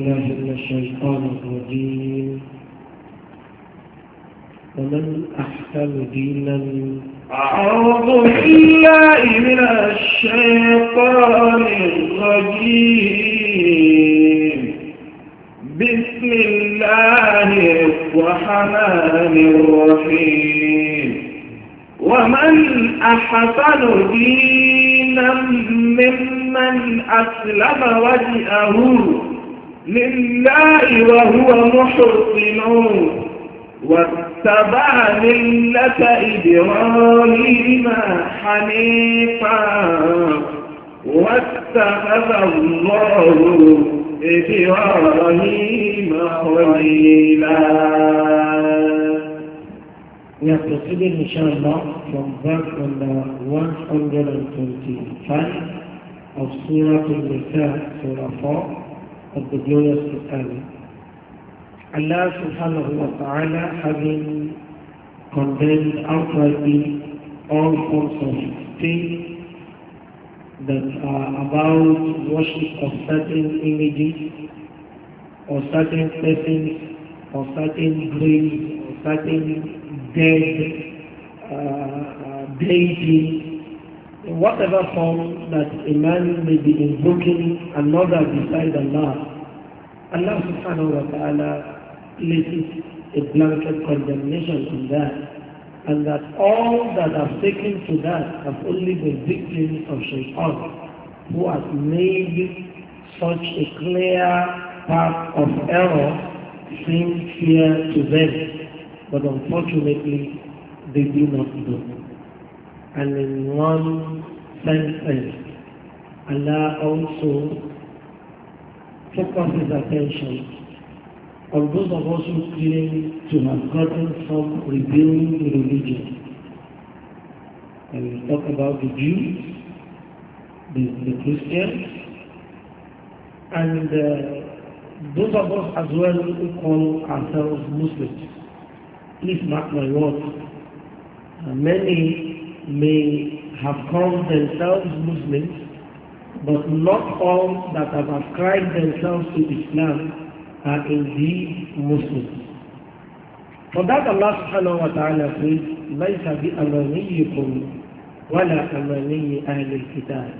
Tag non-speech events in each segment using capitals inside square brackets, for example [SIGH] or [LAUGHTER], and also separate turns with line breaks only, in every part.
بالله من الشيطان الرجيم ومن أحسن دينا
أعوذ بالله من الشيطان الرجيم بسم الله الرحمن الرحيم ومن أحسن دينا ممن أسلم وجهه لله وهو محصن واتبع ملة إبراهيم حنيفا واتخذ الله
إبراهيم خليلا We are proceeding inshallah from verse number 125 of Surah Al-Nisa, Surah 4. of the glorious Quran. Allah subhanahu wa ta'ala having condemned outrightly all forms of things that are about worship of certain images or certain persons or certain graves or certain dead uh, uh deities in whatever form that a man may be invoking another beside Allah, Allah subhanahu wa ta'ala places a blanket condemnation on that, and that all that have taken to that have only been victims of shaitan, who has made such a clear path of error seem clear to them, but unfortunately they do not know and in one sense, Allah also focuses his attention on those of us who claim to have gotten from revealing religion. And we talk about the Jews, the, the Christians, and uh, those of us as well who call ourselves Muslims. Please mark my words. Uh, many may have called themselves Muslims, but not all that have ascribed themselves to Islam are indeed Muslims. For that Allah subhanahu wa ta'ala says, لَيْسَ بِأَمَنِيِّكُمْ وَلَا أَمَنِيِّ أَهْلِ الْكِتَابِ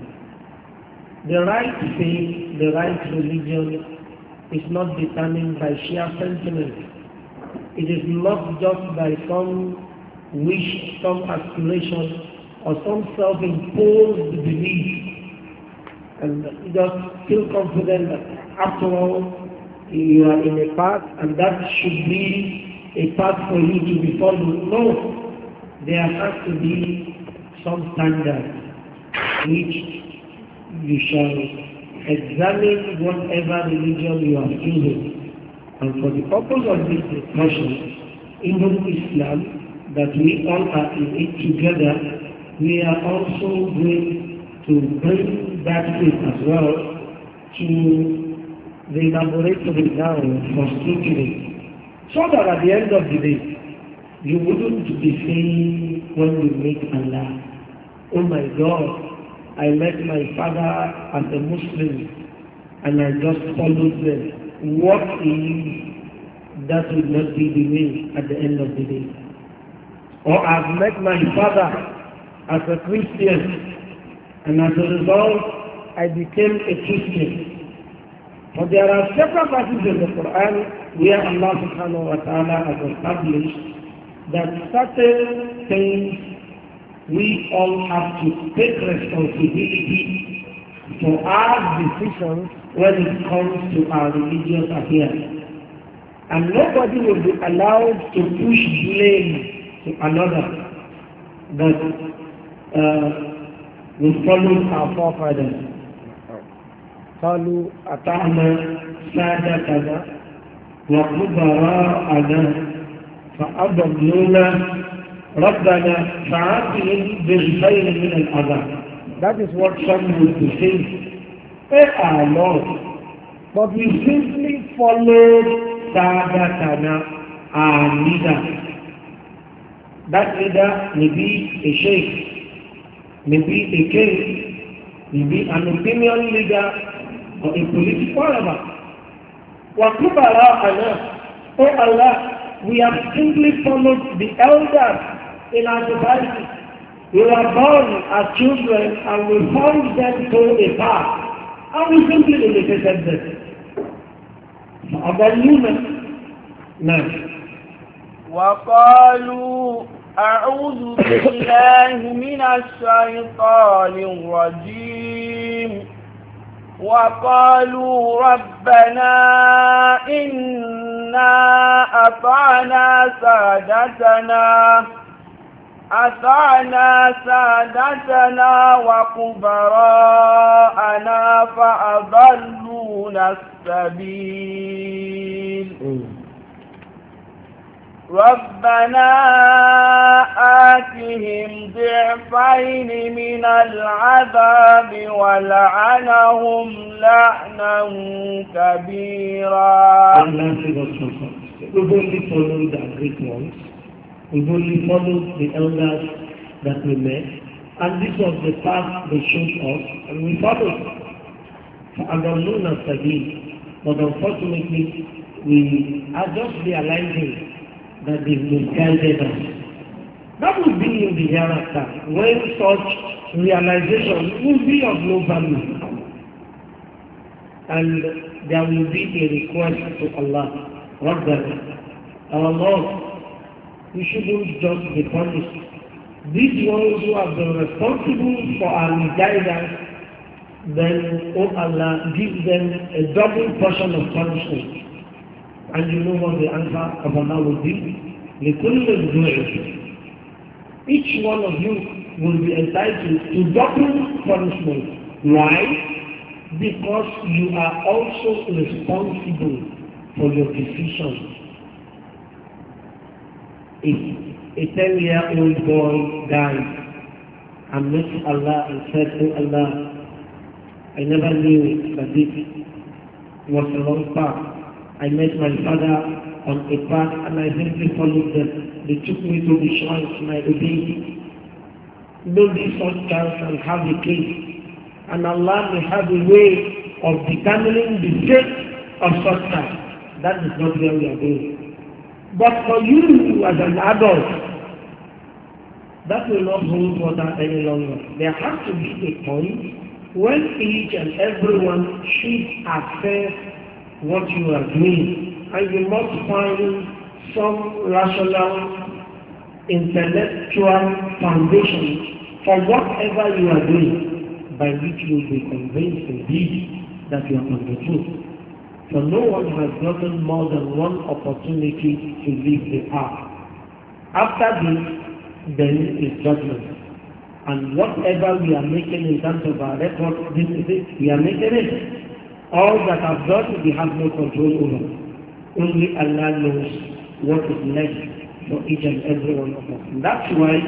The right faith, the right religion is not determined by sheer sentiment. It is not just by some wish, some aspiration, or some self-imposed belief. And you just feel confident that after all, you are in a path and that should be a path for you to be followed. No, there has to be some standard which you shall examine whatever religion you are choosing. And for the purpose of this discussion, even Islam that we all are in it together, we are also going to bring that in as well to the laboratory now for scrutiny. So that at the end of the day, you wouldn't be saying when you meet Allah, oh my God, I met my father as a Muslim and I just followed them. What is that will not be the way at the end of the day or I've met my father as a Christian and as a result I became a Christian. But there are several verses in the Quran where Allah subhanahu wa ta'ala has established that certain things we all have to take responsibility for our decisions when it comes to our religious affairs. And nobody will be allowed to push blame another that uh, follow our forefathers. قالوا أطعنا سادتنا وكبراءنا فأضلونا rabbana فعاتهم بالخير من That That is what some would say. They are Lord. But we simply followed Sadatana, our leader. that may be a sheikh, may be a king, may be an opinion leader or a political whatever. وَكُبَرَاءَنَا O Allah, we have simply followed the elders in our society. We were born as children and we followed them to a path. And we simply imitated them. فَأَضَلُّونَا نَعْمَ
وَقَالُوا أعوذ بالله من الشيطان الرجيم وقالوا ربنا إنا أطعنا سادتنا أطعنا سادتنا وكبراءنا فأضلونا السبيل ربنا آتهم ضعفين من العذاب ولعنهم لعنا
كبيرا We only follow the great ones. We only follow the elders that we met. And this was the path they showed us, and we followed. And unknown as But unfortunately, we are just realizing that they misguided That would be in the hereafter when such realization will be of no value. And there will be a request to Allah. Rather, our Lord, we shouldn't just be punished. These ones who have been responsible for our guidance, then, oh Allah, give them a double portion of punishment. And you know what the answer of Allah will be? لكل الزوج Each one of you will be entitled to double punishment. Why? Because you are also responsible for your decisions. If a 10-year-old boy died and met Allah and said, to oh Allah, I never knew that this was a long path. I met my father on a path and I simply followed them. They took me to the shrines and I obeyed. Maybe such chance and have a case. And Allah may have a way of determining the fate of such time. That is not where we are going. But for you as an adult, that will not hold water any longer. There has to be a point when each and everyone should assess what you are doing and you must find some rational intellectual foundation for whatever you are doing by which you will be convinced indeed that you are on the truth. For no one has gotten more than one opportunity to leave the earth. After this, then is judgment. And whatever we are making in terms of our record, this is it. We are making it. All that I've done, we have no control over. Only Allah knows what is next for each and every one of us. And that's why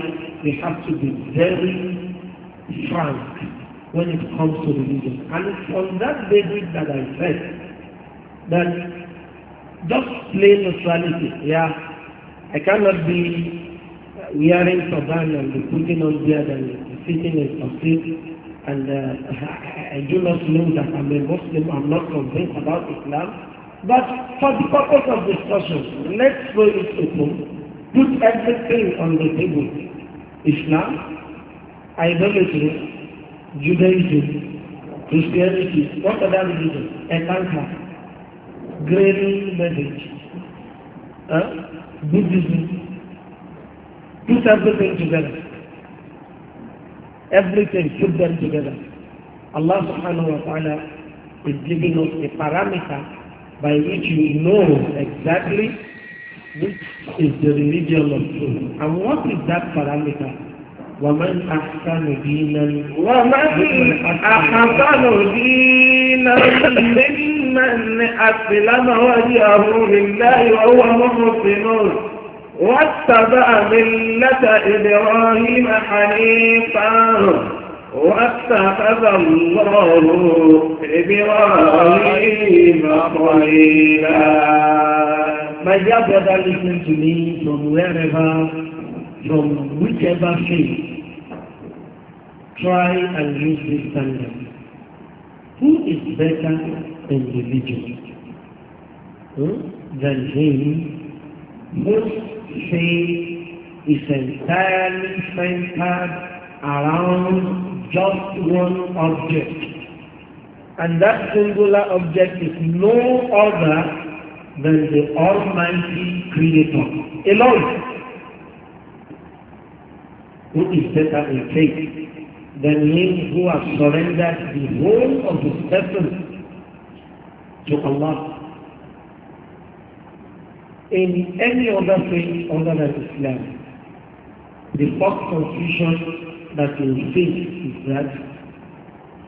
we have to be very frank when it comes to religion. And it's on that basis that I said that just plain neutrality, yeah, I cannot be wearing turban and be putting on beard and sitting in something and uh, I do not know that I'm a Muslim, I'm not convinced about Islam. But for the purpose of discussion, let's throw it open, put everything on the table. Islam, idolatry, Judaism, Christianity, what other religion? Elanka, grading message, huh? Buddhism, put everything together. Everything, put them together. Allah subhanahu wa ta'ala is giving us a parameter by which you know exactly which is the religion of truth. And what is that parameter? وَمَنْ أَحْسَنُ دِينًا وَمَنْ أَحْسَنُ
دِينًا مِمَّنْ أَسْلَمَ وَجْهَهُ لِلَّهِ وَهُوَ مُحْسِنٌ وَاتَّبَعَ ملة إبراهيم حنيفا واتخذ الله إبراهيم
خليلا My young brother listening to me from wherever, from whichever faith, try and use this standard. Who is better individual hmm? than him most say is entirely centered around just one object. And that singular object is no other than the Almighty Creator alone, who is better in faith than him who has surrendered the whole of his person to Allah in any other thing other than Islam. The first confusion that you face is that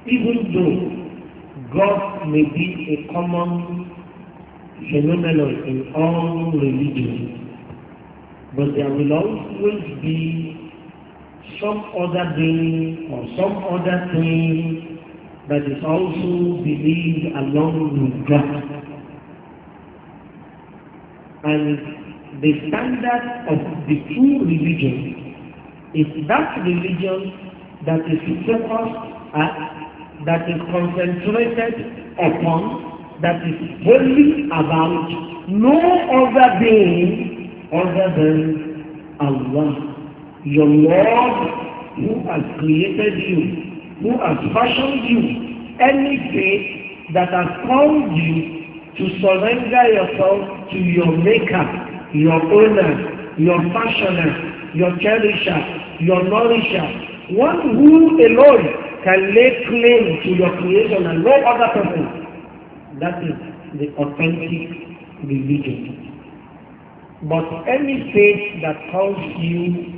even though God may be a common phenomenon in all religions, but there will always be some other being or some other thing that is also believed along with God. And the standard of the true religion is that religion that is focused at, that is concentrated upon, that is wholly about no other being other than Allah, your Lord who has created you, who has fashioned you, any faith that has called you to surrender yourself to your maker, your owner, your fashioner, your cherisher, your nourisher, one who alone can lay claim to your creation and no other person. That is the authentic religion. But any faith that calls you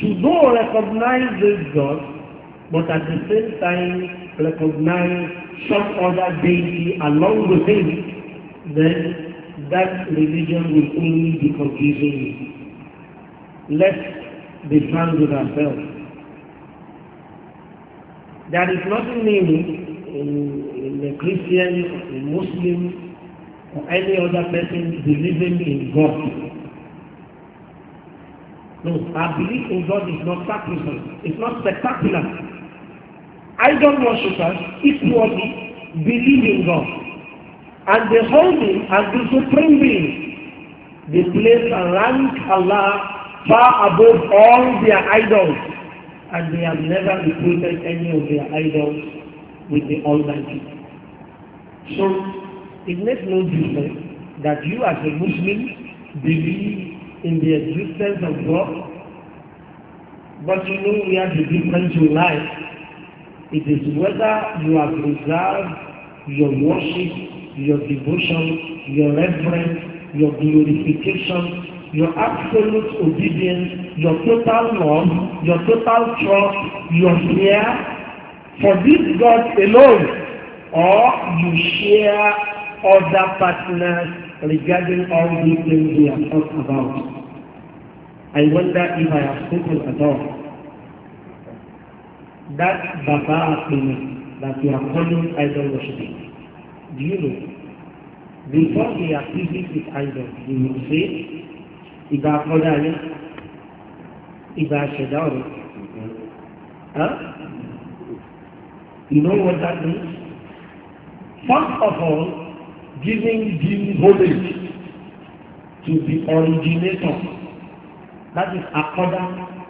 to go recognize this God, but at the same time recognize some other deity along with him then that religion will only be confusing you. Let's be frank with ourselves. There is nothing new in, in a Christian, a Muslim, or any other person believing in God. No, our belief in God is not sacrificial. It's not spectacular. I don't worship us. It's worthy. Believe in God. And the holding and the supreme being, they place and rank Allah far above all their idols, and they have never refuted any of their idols with the Almighty. So, it makes no difference that you as a Muslim believe in the existence of God, but you know where the difference will lie. It is whether you have reserved your worship your devotion, your reverence, your glorification, your absolute obedience, your total love, your total trust, your fear for this God alone, or you share other partners regarding all these things we have talked about. I wonder if I have spoken at all. That Baba that you are calling idol worshiping. Do you know? Before they are pleased with idol, they will say, ìgbà àkọ́dá ni, ìgbà Huh? You know what that means? First of all, giving due knowledge to the originator. That according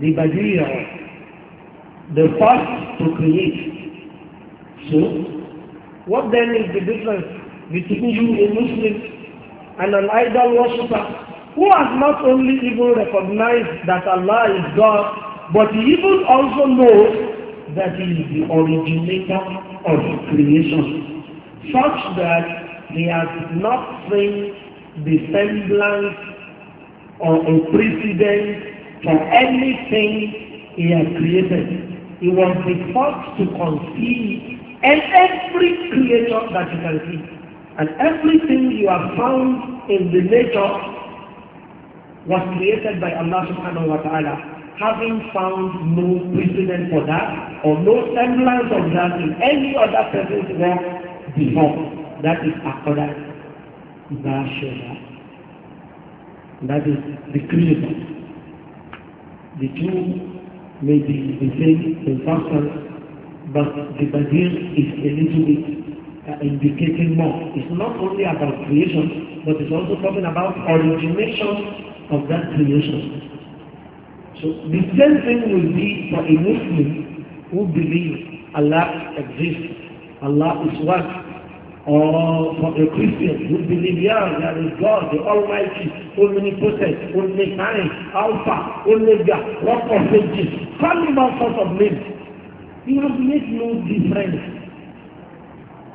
the Bajiriya, the first to create. So, What then is the difference between you, a Muslim, and an idol worshiper who has not only even recognized that Allah is God, but he even also knows that he is the originator of creation, such that he has not seen the semblance or a precedent for anything he has created. He was the first to conceive and every creature that you can see, and everything you have found in the nature was created by Allah subhanahu wa ta'ala, having found no precedent for that or no semblance of that in any other person's work before. That is accorded, Bashara. That is the creator. The two may be the same in substance But the Badir is a little bit uh, indicating more. It's not only about creation, but it's also talking about origination of that creation. So the same thing will be for a Muslim who believes Allah exists, Allah is one, or for a Christian who believes, yeah, there is God, the Almighty, omnipotent, omnipotent, Alpha, Omega, Rock of Ages, family all sorts of names. It will made no difference.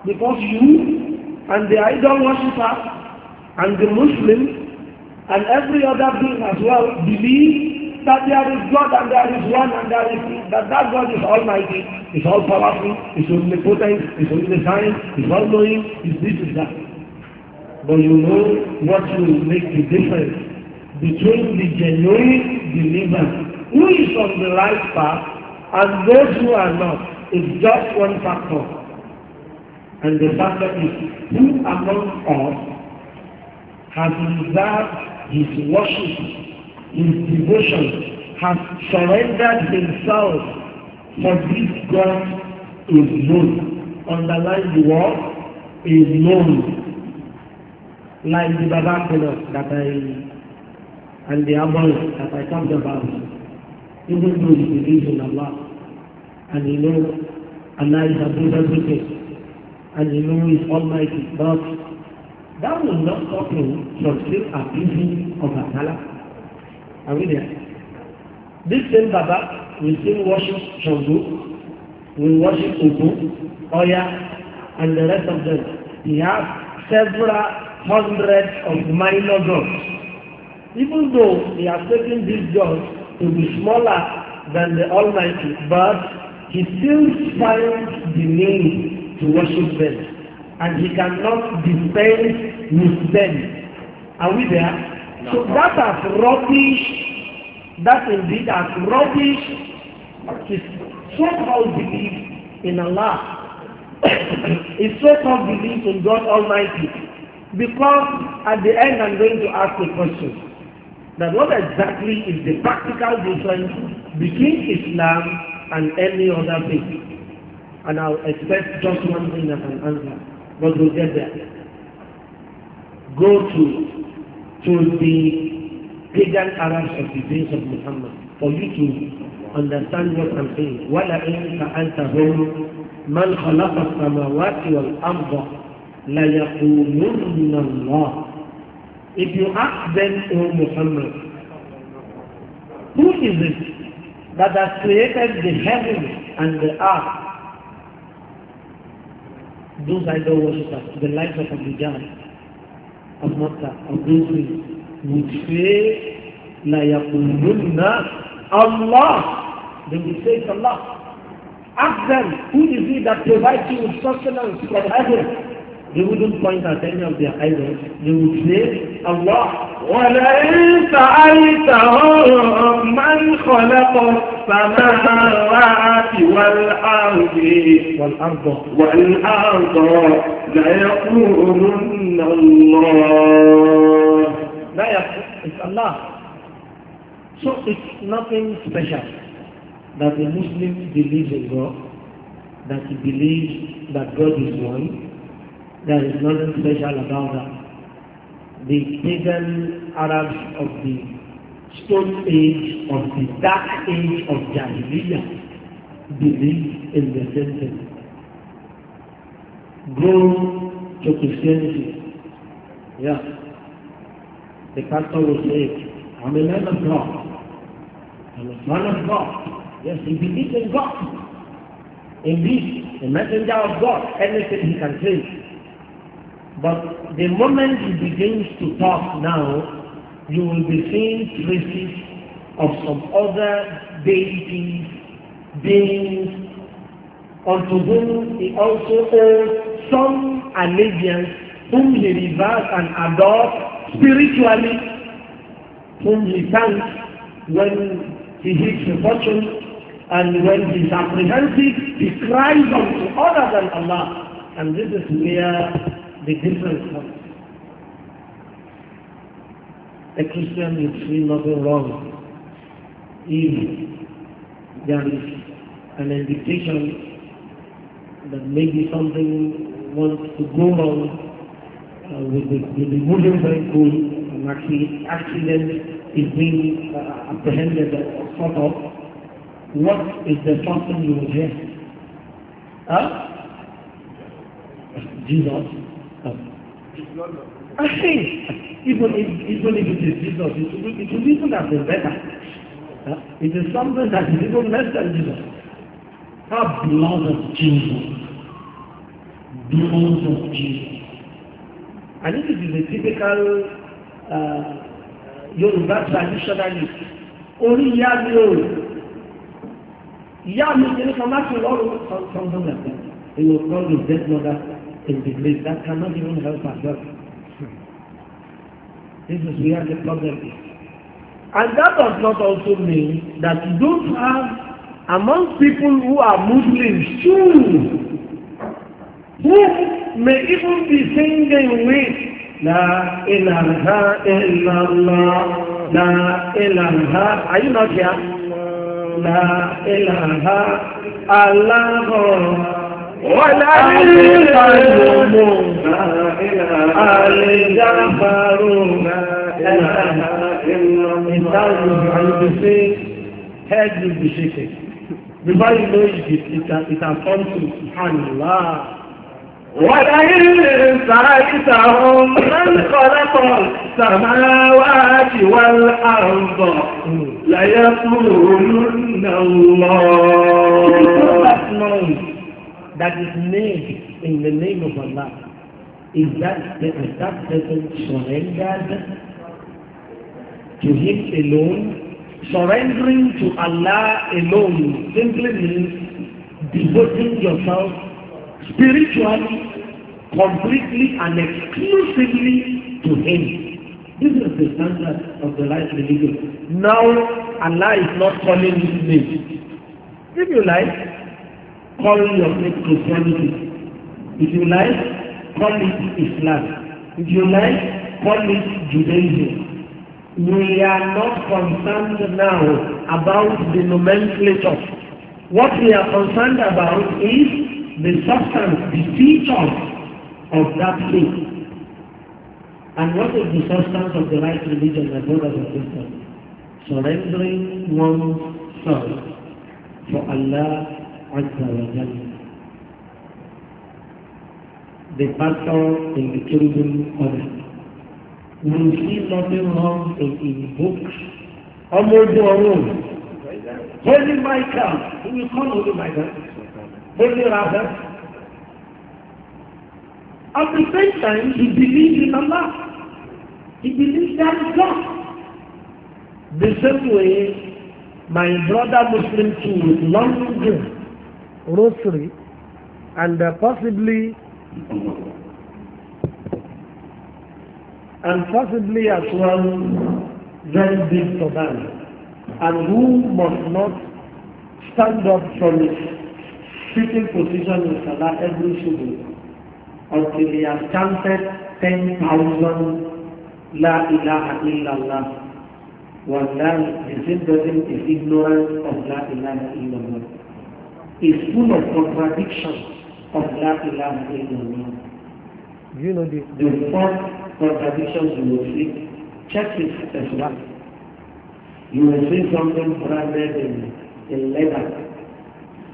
Because you and the idol worshiper and the Muslim and every
other being as well believe that there is God and there is one and there is that that God
is almighty, is all powerful, is omnipotent, is omniscient, is all knowing, is this, is that. But you know what will make the difference between the genuine believer who is on the right path And those who are not is just one factor. And the factor is who among us has reserved his worship, his devotion, has surrendered himself for this God is known. Underline the word is known. Like the Baba that I and the Abba that I talked about even though he believes in Allah and he knows Allah is above everything and he knows is almighty but that will not stop him from still abusing of Allah are we there this same Baba will still worship Shango will worship Ogun Oya and the rest of them he has several hundreds of minor gods even though he has taken these gods to be smaller than the Almighty, but he still finds the need to worship them. And he cannot dispense with them. Are we there? No. So that as rubbish, that indeed as rubbish, is so-called belief in Allah. [COUGHS] it's so-called belief in God Almighty. Because at the end I'm going to ask a question that what exactly is the practical difference between Islam and any other faith? And I'll expect just one thing as an answer, but we'll get there. Go to, to the pagan Arabs of the days of Muhammad for you to understand what I'm saying. وَلَئِنْ سَأَلْتَهُمْ مَنْ خَلَقَ السَّمَاوَاتِ وَالْأَرْضَ لَيَقُولُنَّ اللَّهُ If you ask them, O Muhammad, who is it that has created the heavens and the earth? Those idol worshippers, the likes of Abidjan, of Makkah, of those would say, La Allah. They would say Allah. Ask them, who is it that provides you with sustenance from heaven They wouldn't point at any of their idols. They would say, Allah. وَلَئِن
سَأَلْتَهُمْ مَنْ خَلَقَ السَّمَاوَاتِ وَالْأَرْضِ وَالْأَرْضَ وَالْأَرْضَ
لَيَقُولُنَّ اللَّهُ لا يقول It's Allah. So it's nothing special that a Muslim believes in God, that he believes that God is one, There is nothing special about that. The pagan Arabs of the Stone Age, of the Dark Age of Jahiliyyah, believe in the same thing. Grow to Christianity. Yeah. The pastor will say, I'm a man of God. I'm a son of God. Yes, he believes in God. Indeed, the messenger of God, anything he can say, But the moment he begins to talk now, you will be seeing traces of some other deities, beings, unto whom he also owes some allegiance, whom he reveres and adores spiritually, whom he thanks when he hits a fortune, and when he is apprehensive, he cries unto other than Allah. And this is where the different ones. A Christian is see nothing wrong if there is an indication that maybe something wants to go wrong uh, with, the, with the wooden vehicle and actually accident is being uh, apprehended or sort of, what is the something you will hear? Huh? Jesus I even if, even if it is Jesus, it would, even have been better. Huh? It is something that is even less than Jesus. That blood of Jesus. Blood of Jesus. And if it is a typical uh, Yoruba traditionalist, orí ìyá mi ò ìyá mi kìí kan láti lọ́rùn something like that. It will called the death mother in disgrace. That cannot even help us. This is where the problem is. And that does not also mean that you don't have among people who are Muslims too, who may even be singing with La ilaha illallah, La ilaha, are you not here? La ilaha,
Allah. Wọ́lá ní ìlú àlèjáfàrò ìlú
Bíbáyìí ló yìí ìtàkọ́ntù ìhànìlá.
وَلَئِنْ سَأَلْتَهُمْ مَنْ خَلَقَ السَّمَاوَاتِ
وَالْأَرْضَ لَيَقُولُنَّ اللَّهُ that is made in the name of Allah, is that the that person surrendered to Him alone? Surrendering to Allah alone simply means devoting yourself spiritually, completely and exclusively to Him. This is the standard of the life religion. Now, Allah is not calling His name. If you like, call your faith Christianity. If you like, call it Islam. If you like, call it Judaism. We are not concerned now about the nomenclature. What we are concerned about is the substance, the features of that faith. And what is the substance of the right religion, my brothers and sisters? Surrendering oneself for Allah عز وجل the battle in the kingdom of We see nothing wrong in his books. Ọmọdé ọ̀run. Holy Michael. Who will call Holy Michael. Holy Raphael. At the same time, he believes in Allah. He believes that God. The same way, my brother Muslim too long. longing rosary and uh, possibly and possibly as well very big turban and who must not stand up from his sitting position in Salah every Sunday until he has chanted 10,000 La ilaha illallah while he is ignorant of La ilaha illallah is full of contradictions of La ilaha illallah. Do you know this? The four contradictions you will see, check it as well. You will see something branded in, in leather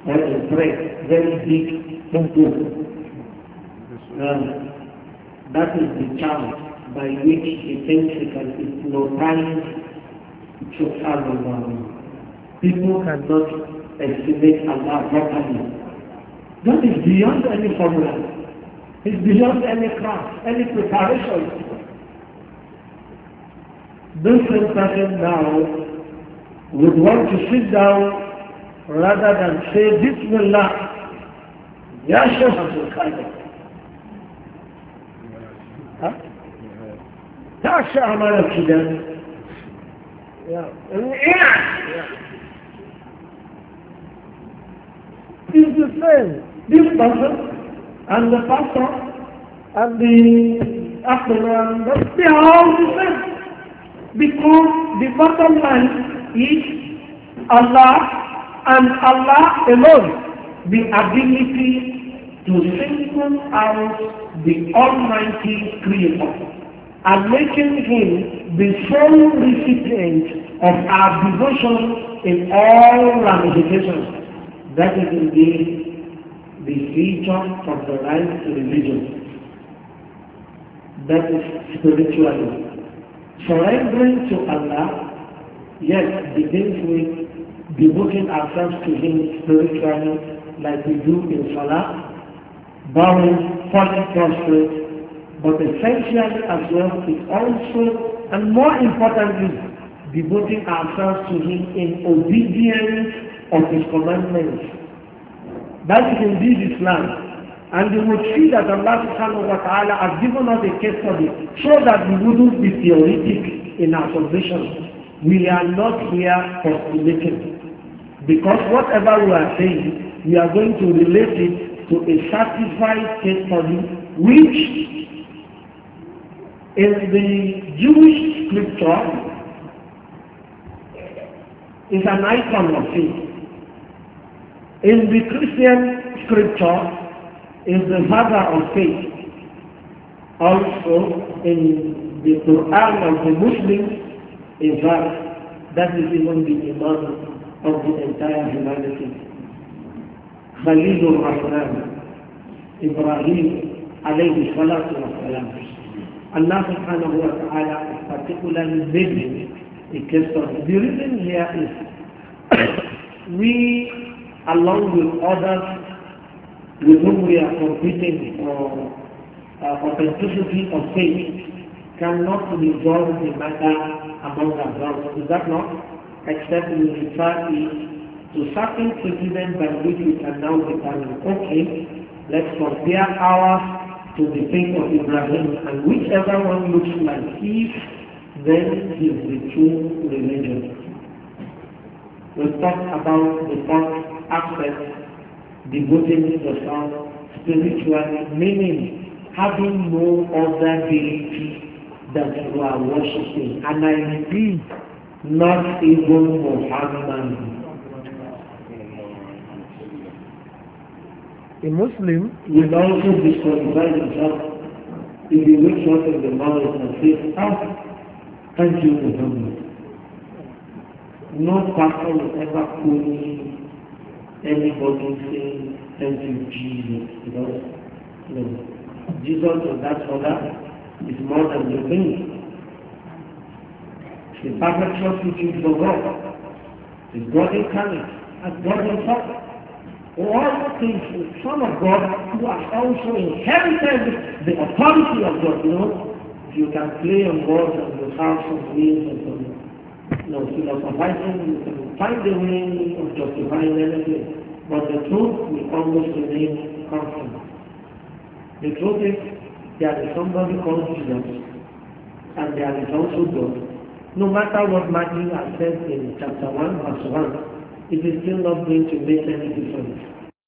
or in bread, very big and Um, that is the charm by which he thinks he can hypnotize Subhanallah. People cannot estimate Allah properly. That is beyond any formula. It's beyond any craft, any preparation. This person now would want to sit down rather than say Bismillah. Ya Shaykh Abdul Qadir. تعشى عمالك
Yeah. Yeah. is the same. This person and the pastor and the afternoon, they are all the same. Because the bottom line is Allah and Allah alone,
the ability to single out the Almighty Creator and making Him the sole recipient of our devotion in all ramifications. That is indeed the feature of the right to religion. That is spirituality. Surrendering to Allah, yes, begins with devoting ourselves to Him spiritually like we do in Salah, bowing, falling prostrate, but essentially as well it also, and more importantly, devoting ourselves to Him in obedience of his commandments. That is indeed Islam. And you would see that Allah subhanahu wa ta'ala has given us a case study so that we wouldn't be theoretic in our submission. We are not here postulating. Because whatever we are saying, we are going to relate it to a satisfied case study which in the Jewish scripture is an icon of faith. In the Christian scripture is the mother of faith. Also in the Quran of the Muslims in fact that is even the Imam of the entire humanity. Khalilur Rahman, Ibrahim alayhi salatu wa salam. Allah subhanahu wa ta'ala is particularly made him a The reason here is [COUGHS] we along with others with whom we are competing for uh, authenticity of faith cannot resolve the matter among ourselves. Is that not? Except we refer it to certain precedent by which we can now determine, okay, let's compare ours to the faith of Ibrahim and whichever one looks like his, then is the true religion. We'll talk about the fact aspect, the yourself spiritually, meaning having no other deity that you are worshipping. And I repeat, not even Muhammad. A Muslim will also disqualify himself if he wakes up in the morning and says, Ah, thank you, Muhammad. No pastor will ever call me anybody saying thank you Jesus because you know, Jesus or that other is more than the thing. The Bible trust which is for God. The God incarnate as God himself. All things the Son of God who has also inherited the authority of God. You know, you can play on God and the house of names and so on no, you know, convincing, you can find a way of justifying anything, but the truth will always remain constant. The truth is, there is somebody called Jesus, and there is also God. No matter what Matthew has said in chapter 1, verse 1, it is still not going to make any difference.